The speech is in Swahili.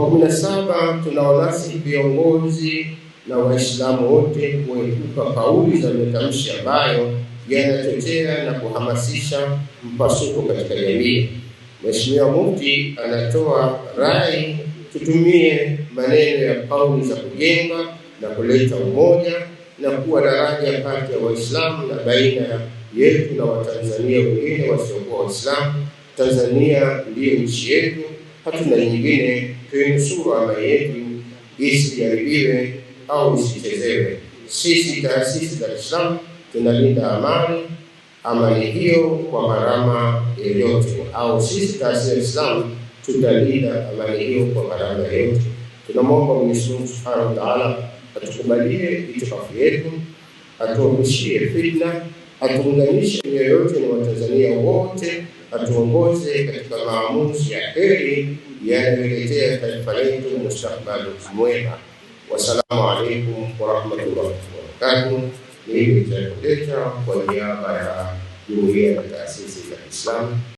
Kwa kumi na saba tunaonasi viongozi na Waislamu wote kuepuka kauli za matamshi ambayo yanachochea na kuhamasisha mpasuko katika jamii. Mheshimiwa Mufti anatoa rai tutumie maneno ya kauli za kujenga na kuleta umoja na kuwa daraja kati ya Waislamu na baina yetu na Watanzania wengine wasiokuwa Waislamu. Tanzania ndiyo nchi yetu hatuna nyingine, tuinusuru amani yetu isijaribiwe au isichezewe. Sisi taasisi za Islam tunalinda amani, amani hiyo kwa gharama yoyote, au sisi taasisi za Islam tutalinda amani hiyo kwa gharama yoyote. Tunamwomba Mwenyezi Mungu Subhanahu wa Ta'ala atukubalie itikafu yetu, atuamishie fitna, atuunganishe mioyo yote na Watanzania wote atuongoze katika maamuzi ya heri yanayoletea taifa letu mustakbali mwema. Wassalamu alaikum warahmatullahi wabarakatuh. Mimi Jakodeta kwa niaba ya jumuiya ya taasisi za Kiislamu